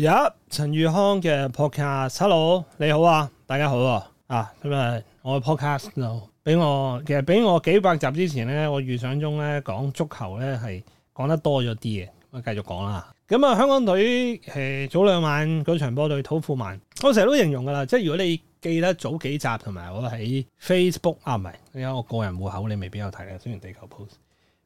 有陳宇康嘅 podcast，Hello 你好啊，大家好啊，咁啊，我嘅 podcast 就俾我其實俾我、no. 我，我幾百集之前咧，我預想中咧講足球咧係講得多咗啲嘅，咁啊繼續講啦。咁、嗯、啊，香港隊誒早兩晚嗰場波對土庫曼，我成日都形容噶啦，即係如果你記得早幾集同埋我喺 Facebook 啊，唔係有我個人戶口，你未必有睇啊，雖然地球 post。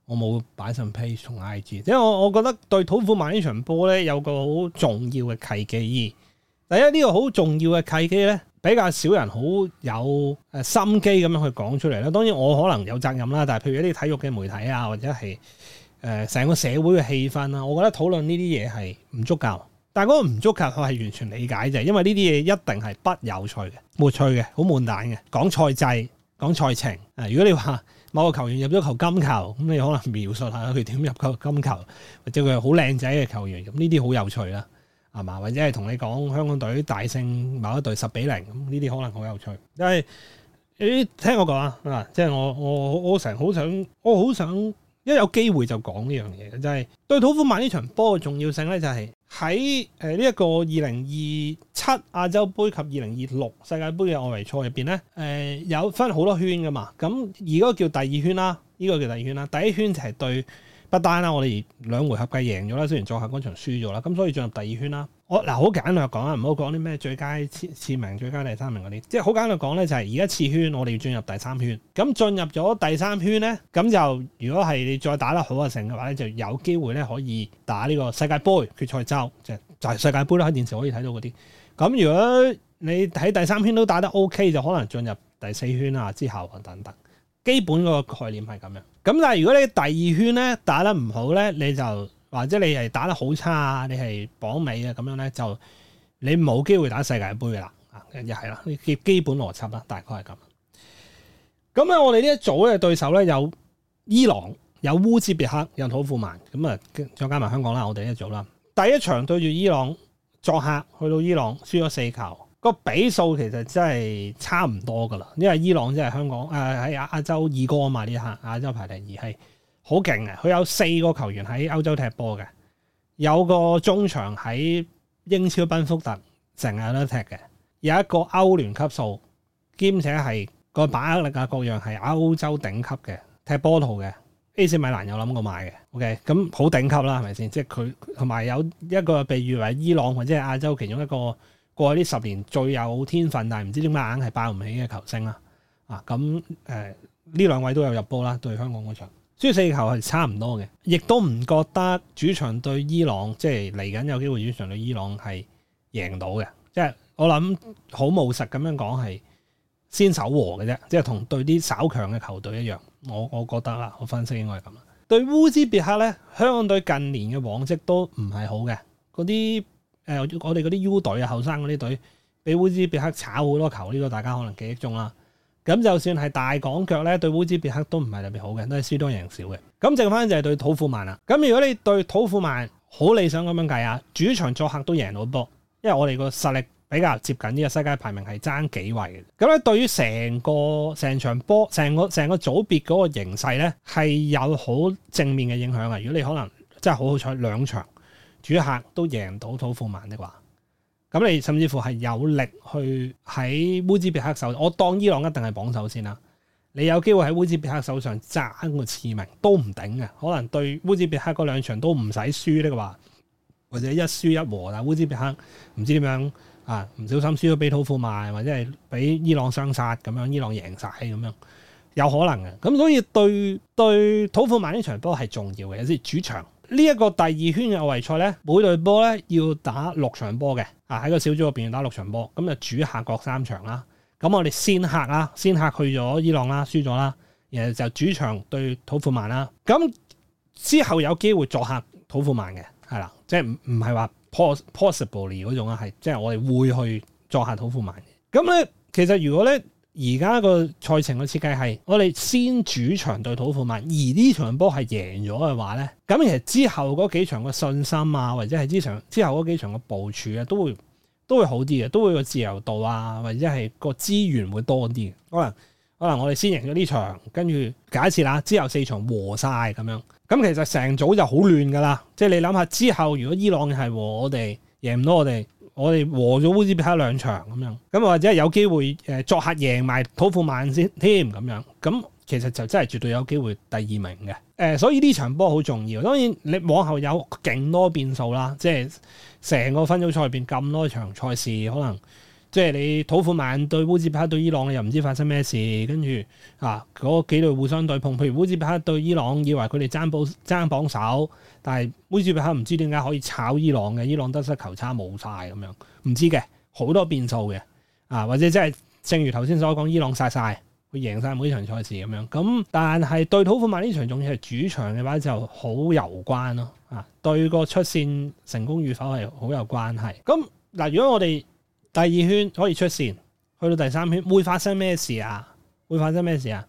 我冇擺上 page 同 I G，因為我我覺得對土庫曼呢場波咧有個好重要嘅契機。二，第一呢、呢個好重要嘅契機咧，比較少人好有誒心機咁樣去講出嚟啦。當然我可能有責任啦，但係譬如一啲體育嘅媒體啊，或者係誒成個社會嘅氣氛啦，我覺得討論呢啲嘢係唔足夠。但係嗰個唔足夠，我係完全理解嘅，因為呢啲嘢一定係不有趣嘅、無趣嘅、好悶蛋嘅，講賽制、講賽程。誒，如果你話，某個球員入咗球金球，咁你可能描述下佢點入個金球，或者佢好靚仔嘅球員，咁呢啲好有趣啦，係嘛？或者係同你講香港隊大勝某一隊十比零，咁呢啲可能好有趣。因為誒聽我講啊，嗱、就是，即係我我我成日好想我好想一有機會就講呢樣嘢就係、是、對土庫曼呢場波嘅重要性咧，就係、是。喺誒呢一個二零二七亞洲盃及二零二六世界盃嘅外圍賽入邊咧，誒、呃、有分好多圈噶嘛，咁而嗰個叫第二圈啦，呢、呢個叫第二圈啦，第一圈就係對。不單啦，我哋兩回合計贏咗啦，雖然作客嗰場輸咗啦，咁所以進入第二圈啦。我嗱好簡單講啊，唔好講啲咩最佳次次名、最佳第三名嗰啲，即係好簡單講咧，就係而家次圈我哋要進入第三圈。咁進入咗第三圈咧，咁就如果係你再打得好啊成嘅話咧，就有機會咧可以打呢個世界盃決賽周，就就係世界盃啦，喺電視可以睇到嗰啲。咁如果你喺第三圈都打得 OK，就可能進入第四圈啊，之後等等。基本嗰個概念係咁樣。咁但係如果你第二圈咧打得唔好咧，你就或者你係打得好差，你係榜尾啊咁樣咧，就你冇機會打世界盃噶啦啊，又係啦，呢基本邏輯啦，大概係咁。咁咧，我哋呢一組嘅對手咧有伊朗、有烏茲別克、有土庫曼，咁啊再加埋香港啦，我哋呢一組啦。第一場對住伊朗作客，去到伊朗輸咗四球。個比數其實真係差唔多噶啦，因為伊朗即係香港誒喺亞亞洲二哥啊嘛，呢下亞洲排第二係好勁嘅，佢有四個球員喺歐洲踢波嘅，有個中場喺英超賓福特成日都踢嘅，有一個歐聯級數，兼且係個把握力啊各樣係歐洲頂級嘅踢波圖嘅，AC 米蘭有諗過買嘅，OK，咁好頂級啦，係咪先？即係佢同埋有一個被譽為伊朗或者係亞洲其中一個。過去呢十年最有天分但係唔知點解硬係爆唔起嘅球星啦，啊咁誒呢兩位都有入波啦，對香港嗰場輸四球係差唔多嘅，亦都唔覺得主場對伊朗即係嚟緊有機會主場對伊朗係贏到嘅，即係我諗、嗯、好務實咁樣講係先守和嘅啫，即係同對啲稍強嘅球隊一樣，我我覺得啦，我分析應該係咁啦。對烏茲別克呢，香港隊近年嘅往績都唔係好嘅，嗰啲。誒、呃，我哋嗰啲 U 隊啊，後生嗰啲隊，俾烏茲別克炒好多球，呢個大家可能記憶中啦。咁就算係大港腳咧，對烏茲別克都唔係特別好嘅，都係輸多贏少嘅。咁剩翻就係對土庫曼啦。咁如果你對土庫曼好理想咁樣計啊，主場作客都贏到波，因為我哋個實力比較接近呢個世界排名係爭幾位嘅。咁咧，對於成個成場波、成個成個組別嗰個形勢咧，係有好正面嘅影響嘅。如果你可能真係好好彩兩場。主客都贏到土庫曼的話，咁你甚至乎係有力去喺烏茲別克手上，我當伊朗一定係榜首先啦。你有機會喺烏茲別克手上爭個次名都唔頂嘅，可能對烏茲別克嗰兩場都唔使輸呢個話，或者一輸一和啦。但烏茲別克唔知點樣啊，唔小心輸咗俾土庫曼，或者係俾伊朗雙殺咁樣，伊朗贏晒咁樣有可能嘅。咁所以對對土庫曼呢場波係重要嘅，有啲主場。呢一個第二圈嘅外圍賽咧，每隊波咧要打六場波嘅，啊喺個小組入邊要打六場波，咁就主客各三場啦。咁我哋先客啦，先客去咗伊朗啦，輸咗啦，然後就主場對土庫曼啦。咁之後有機會作客土庫曼嘅，係啦，即係唔唔係話 possibility 嗰種啊，係即係我哋會去作客土庫曼嘅。咁咧，其實如果咧。而家個賽程嘅設計係，我哋先主場對土庫曼，而呢場波係贏咗嘅話咧，咁其實之後嗰幾場嘅信心啊，或者係之前之後嗰幾場嘅部署啊，都會都會好啲嘅，都會有自由度啊，或者係個資源會多啲嘅。可能可能我哋先贏咗呢場，跟住假設啦，之後四場和晒咁樣，咁其實成組就好亂噶啦。即係你諗下，之後如果伊朗係和我哋贏唔到我哋。我哋和咗烏茲別克兩場咁樣，咁或者有機會誒，作客贏埋土庫曼先添，咁樣，咁其實就真係絕對有機會第二名嘅，誒、呃，所以呢場波好重要。當然你往後有勁多變數啦，即係成個分組賽入邊咁多場賽事，可能。即係你土庫曼對烏茲別克對伊朗，又唔知發生咩事，跟住啊嗰幾隊互相對碰，譬如烏茲別克對伊朗，以為佢哋爭保爭榜首，但係烏茲別克唔知點解可以炒伊朗嘅，伊朗得失球差冇晒。咁樣，唔知嘅好多變數嘅啊，或者即係正如頭先所講，伊朗殺晒會贏晒每場賽事咁樣。咁但係對土庫曼呢場仲要係主場嘅話，就好有關咯啊，對個出線成功與否係好有關係。咁嗱、啊，如果我哋第二圈可以出線，去到第三圈會發生咩事啊？會發生咩事啊？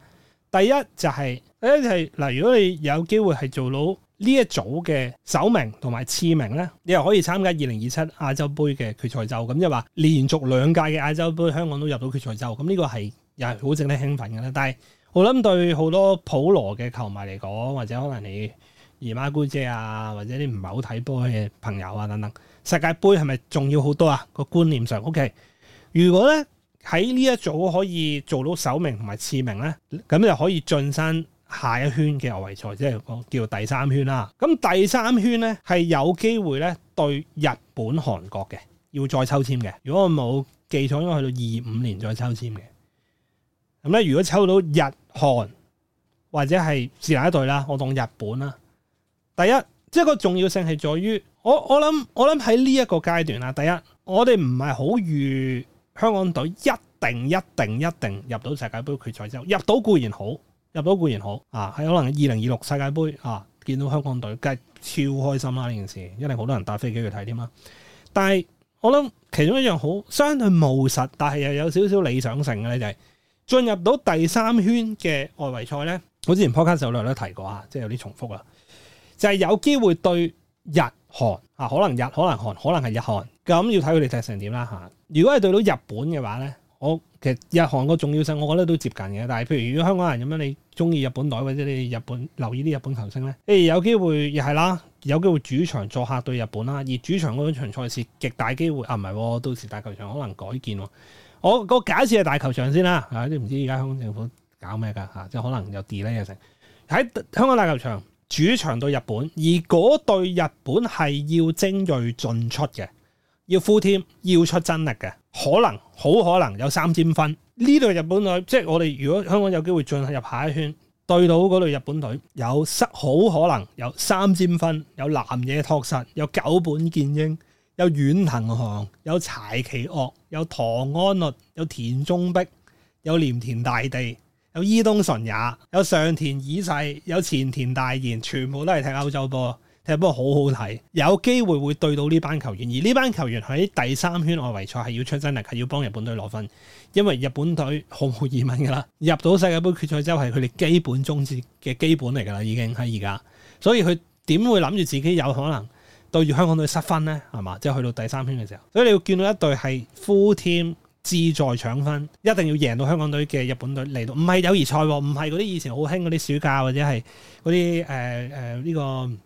第一就係、是、第一就係、是、嗱，如果你有機會係做到呢一組嘅首名同埋次名咧，你又可以參加二零二七亞洲盃嘅決賽周。咁即係話連續兩屆嘅亞洲盃香港都入到決賽周。咁呢個係又係好值得興奮嘅咧。但係我諗對好多普羅嘅球迷嚟講，或者可能你姨媽姑姐啊，或者啲唔係好睇波嘅朋友啊等等。世界盃係咪重要好多啊？呢個觀念上，OK。如果咧喺呢一組可以做到首名同埋次名咧，咁就可以進身下一圈嘅外圍賽，即係叫第三圈啦。咁第三圈咧係有機會咧對日本韓國嘅，要再抽籤嘅。如果我冇記錯，應該去到二五年再抽籤嘅。咁咧，如果抽到日韓或者係是下一隊啦？我當日本啦。第一，即係個重要性係在於。我我，諗我諗喺呢一個階段啦，第一我哋唔係好預香港隊一定一定一定入到世界盃決賽之後，入到固然好，入到固然好啊！喺可能二零二六世界盃啊，見到香港隊梗係超開心啦呢件事，一定好多人搭飛機去睇添啦。但係我諗其中一樣好相對務實，但係又有少少理想性嘅咧，就係進入到第三圈嘅外圍賽呢。我之前 podcast 有兩都提過吓，即係有啲重複啦，就係有機會對。日韓嚇、啊，可能日可能韓，可能係日韓咁、啊、要睇佢哋踢成點啦嚇。如果係對到日本嘅話咧，我其實日韓個重要性，我覺得都接近嘅。但係譬如如果香港人咁樣，你中意日本隊或者你日本留意啲日本球星咧，誒、哎、有機會又係啦，有機會主場作客對日本啦。而主場嗰場賽事極大機會啊，唔係、啊、到時大球場可能改建喎、啊。我、個假設係大球場先啦、啊，嚇、啊！唔知而家香港政府搞咩噶嚇，即係可能有 delay 嘅成喺香港大球場。主場對日本，而嗰對日本係要精銳進出嘅，要鋪添，要出真力嘅，可能好可能有三尖分呢隊日本隊，即係我哋如果香港有機會進入下一圈，對到嗰隊日本隊有失，好可能有三尖分，有南野拓實，有久保建英，有遠藤航，有柴崎岳，有堂安律，有田中碧，有連田大地。有伊東純也，有上田以世，有前田大賢，全部都係踢歐洲波，踢波好好睇，有機會會對到呢班球員，而呢班球員喺第三圈外圍賽係要出真力，係要幫日本隊攞分，因為日本隊毫無疑問噶啦，入到世界盃決賽之後係佢哋基本宗旨嘅基本嚟噶啦，已經喺而家，所以佢點會諗住自己有可能對住香港隊失分呢？係嘛？即係去到第三圈嘅時候，所以你要見到一隊係 full team。志在搶分，一定要贏到香港隊嘅日本隊嚟到，唔係友誼賽，唔係嗰啲以前好興嗰啲暑假或者係嗰啲誒誒呢個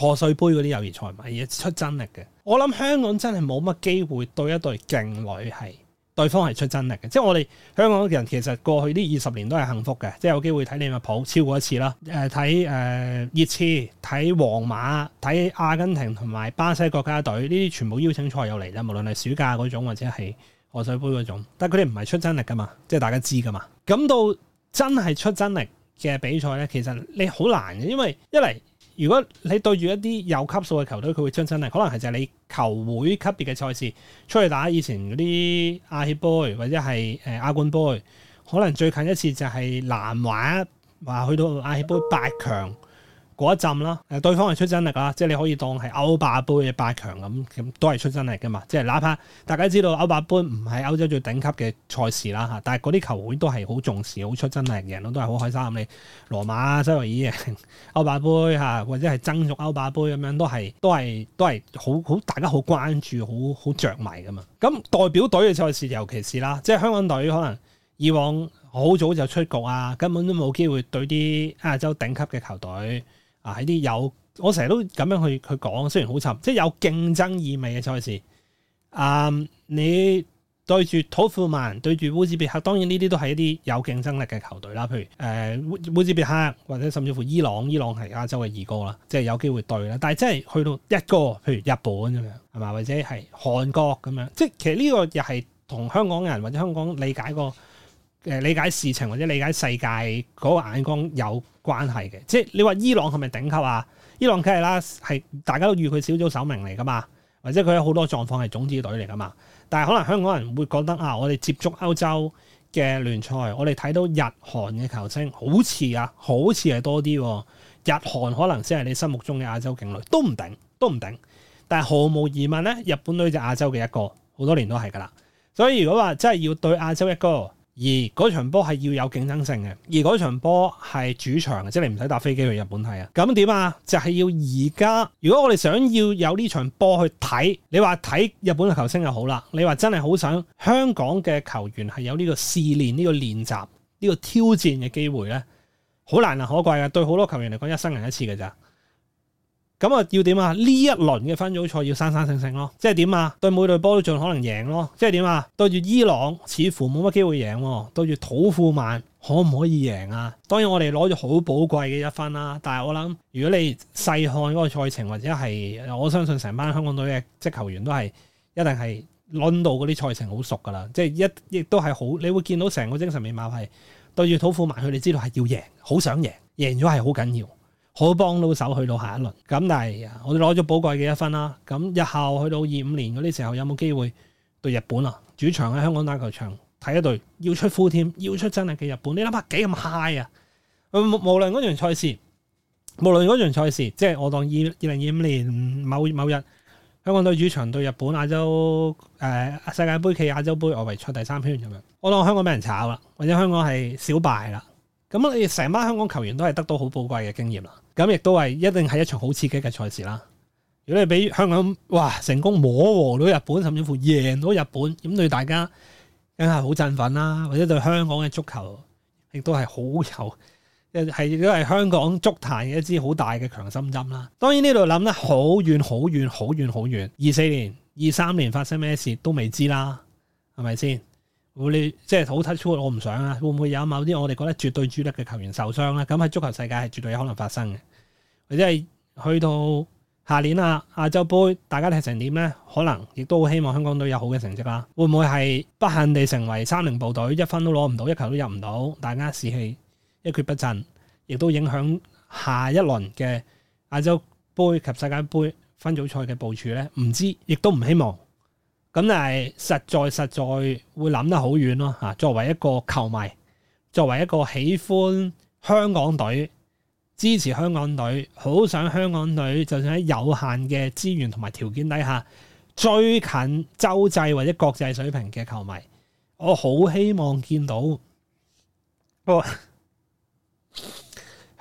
賀歲杯嗰啲友誼賽，而出真力嘅。我諗香港真係冇乜機會對一隊勁女。係對方係出真力嘅。即係我哋香港人其實過去呢二十年都係幸福嘅，即係有機會睇利物浦超過一次啦。誒睇誒熱刺、睇皇馬、睇阿根廷同埋巴西國家隊呢啲全部邀請賽又嚟啦，無論係暑假嗰種或者係。賀歲杯嗰種，但係佢哋唔係出真力噶嘛，即係大家知噶嘛。咁到真係出真力嘅比賽咧，其實你好難嘅，因為一嚟如果你對住一啲有級數嘅球隊，佢會出真力，可能係就係你球會級別嘅賽事出去打以前嗰啲亞協杯或者係誒亞冠杯，可能最近一次就係南華話去到亞協杯八強。嗰一陣啦，誒對方係出真力啦，即係你可以當係歐霸杯嘅八強咁，咁都係出真力嘅嘛。即係哪怕大家知道歐霸杯唔係歐洲最頂級嘅賽事啦嚇，但係嗰啲球會都係好重視，好出真力，贏到都係好開心。你羅馬、西維爾歐霸杯嚇，或者係爭奪歐霸杯咁樣都係都係都係好好大家好關注，好好著迷嘅嘛。咁代表隊嘅賽事尤其是啦，即係香港隊可能以往好早就出局啊，根本都冇機會對啲亞洲頂級嘅球隊。喺啲、啊、有，我成日都咁樣去去講，雖然好沉，即係有競爭意味嘅賽事。嗯，你對住土庫曼，對住烏茲別克，當然呢啲都係一啲有競爭力嘅球隊啦。譬如誒、呃、烏茲別克，或者甚至乎伊朗，伊朗係亞洲嘅二哥啦，即係有機會對啦。但係真係去到一哥，譬如日本咁樣，係嘛？或者係韓國咁樣，即係其實呢個又係同香港人或者香港理解過。誒，理解事情或者理解世界嗰個眼光有關係嘅，即係你話伊朗係咪頂級啊？伊朗梗係啦，係大家都預佢小組首名嚟噶嘛，或者佢有好多狀況係種子隊嚟噶嘛。但係可能香港人會覺得啊，我哋接觸歐洲嘅聯賽，我哋睇到日韓嘅球星好似啊，好似係多啲。日韓可能先係你心目中嘅亞洲勁旅，都唔定，都唔定。但係毫無疑問咧，日本都係亞洲嘅一個，好多年都係噶啦。所以如果話真係要對亞洲一個，而嗰場波係要有競爭性嘅，而嗰場波係主場，即係你唔使搭飛機去日本睇啊。咁點啊？就係要而家，如果我哋想要有呢場波去睇，你話睇日本嘅球星又好啦，你話真係好想香港嘅球員係有呢個試練、呢個練習、呢個挑戰嘅機會呢？好難能可貴啊，對好多球員嚟講，一生人一次㗎咋。咁啊，要點啊？呢一輪嘅分組賽要生生性性咯，即係點啊？對每隊波都盡可能贏咯，即係點啊？對住伊朗似乎冇乜機會贏喎，對住土庫曼可唔可以贏啊？當然我哋攞咗好寶貴嘅一分啦，但係我諗如果你細看嗰個賽程，或者係我相信成班香港隊嘅職球員都係一定係論到嗰啲賽程好熟噶啦，即係一亦都係好，你會見到成個精神面貌係對住土庫曼，佢哋知道係要贏，好想贏，贏咗係好緊要。好幫到手去到下一輪，咁但係我哋攞咗寶貴嘅一分啦。咁日後去到二五年嗰啲時候，有冇機會對日本啊？主場喺香港打球場睇一隊，要出乎添，要出真係嘅日本。你諗下幾咁嗨啊！無無論嗰樣賽事，無論嗰樣賽事，即係我當二二零二五年某某日，香港隊主場對日本亞洲誒、呃、世界杯暨亞洲杯外圍賽第三圈咁樣，我當香港俾人炒啦，或者香港係小敗啦。咁你成班香港球員都係得到好寶貴嘅經驗啦。咁亦都係一定係一場好刺激嘅賽事啦。如果你俾香港哇成功摸和到日本，甚至乎贏到日本，咁對大家梗係好振奮啦，或者對香港嘅足球亦都係好有係都係香港足壇嘅一支好大嘅強心針啦。當然呢度諗得好遠，好遠，好遠，好遠。二四年、二三年發生咩事都未知啦，係咪先？會你即係好突出。我唔想啊！會唔會有某啲我哋覺得絕對主力嘅球員受傷咧？咁喺足球世界係絕對有可能發生嘅。或者係去到下年啊，亞洲盃大家踢成點咧？可能亦都好希望香港隊有好嘅成績啦。會唔會係不幸地成為三零部隊，一分都攞唔到，一球都入唔到，大家士氣一蹶不振，亦都影響下一輪嘅亞洲盃及世界盃分組賽嘅部署咧？唔知，亦都唔希望。咁但係實在實在會諗得好遠咯嚇，作為一個球迷，作為一個喜歡香港隊、支持香港隊、好想香港隊，就算喺有限嘅資源同埋條件底下，最近洲際或者國際水平嘅球迷，我好希望見到。哦，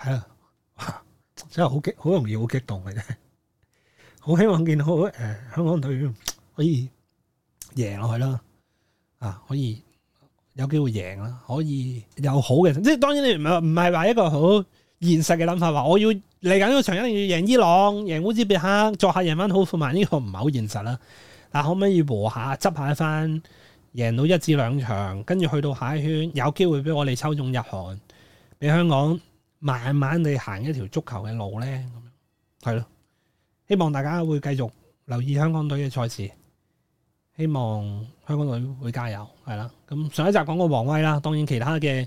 係啦，真係好激，好容易好激動嘅啫。好 希望見到誒、呃，香港隊可以。贏落去啦，啊，可以有機會贏啦，可以有好嘅，即係當然你唔係唔係話一個好現實嘅諗法話，我要嚟緊呢個場一定要贏伊朗，贏烏茲別克，作下贏翻好富曼，呢個唔係好現實啦。但可唔可以和下，執下一翻，贏到一至兩場，跟住去到下一圈有機會俾我哋抽中入韓，俾香港慢慢地行一條足球嘅路咧。咁樣係咯，希望大家會繼續留意香港隊嘅賽事。希望香港隊會加油，係啦。咁上一集講過黃威啦，當然其他嘅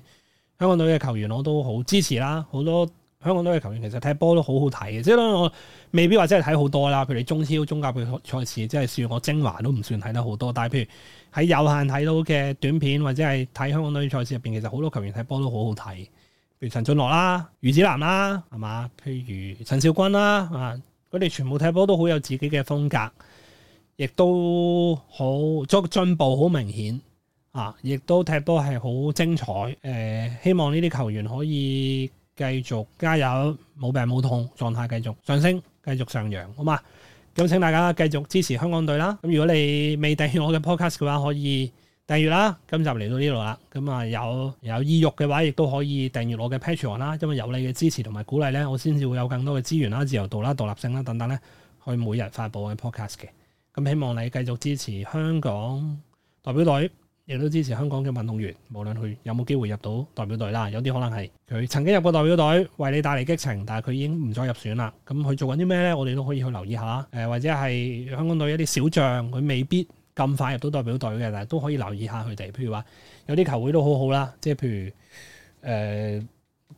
香港隊嘅球員我都好支持啦。好多香港隊嘅球員其實踢波都好好睇嘅，即係我未必話真係睇好多啦。譬如你中超、中甲嘅賽事，即係算我精華都唔算睇得好多。但係譬如喺有限睇到嘅短片或者係睇香港隊賽事入邊，其實好多球員踢波都好好睇。譬如陳俊樂啦、茹子楠啦，係嘛？譬如陳肇鈞啦，啊，佢哋全部踢波都好有自己嘅風格。亦都好，即係進步好明顯啊！亦都踢波係好精彩。誒、呃，希望呢啲球員可以繼續加油，冇病冇痛，狀態繼續上升，繼續上揚，好嘛？咁請大家繼續支持香港隊啦！咁、啊、如果你未訂閱我嘅 podcast 嘅話，可以訂閱啦。今集嚟到呢度啦，咁啊有有意欲嘅話，亦都可以訂閱我嘅 Patreon 啦。因為有你嘅支持同埋鼓勵咧，我先至會有更多嘅資源啦、自由度啦、獨立性啦等等咧，去每日發佈我嘅 podcast 嘅。咁希望你繼續支持香港代表隊，亦都支持香港嘅運動員，無論佢有冇機會入到代表隊啦。有啲可能係佢曾經入過代表隊，為你帶嚟激情，但係佢已經唔再入選啦。咁佢做緊啲咩呢？我哋都可以去留意下。誒、呃，或者係香港隊一啲小將，佢未必咁快入到代表隊嘅，但係都可以留意下佢哋。譬如話，有啲球會都好好啦，即係譬如誒。呃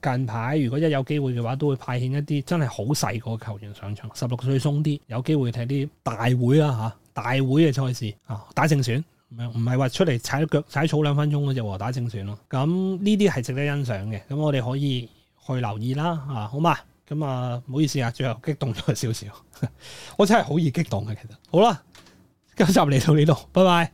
近排如果一有機會嘅話，都會派遣一啲真係好細個球員上場，十六歲鬆啲有機會踢啲大會啊嚇，大會嘅賽事啊，打正選，唔唔係話出嚟踩腳踩草兩分鐘嗰隻打正選咯。咁呢啲係值得欣賞嘅，咁我哋可以去留意啦嚇、啊。好嘛，咁啊唔好意思啊，最後激動咗少少， 我真係好易激動嘅其實。好啦，今集嚟到呢度，拜拜。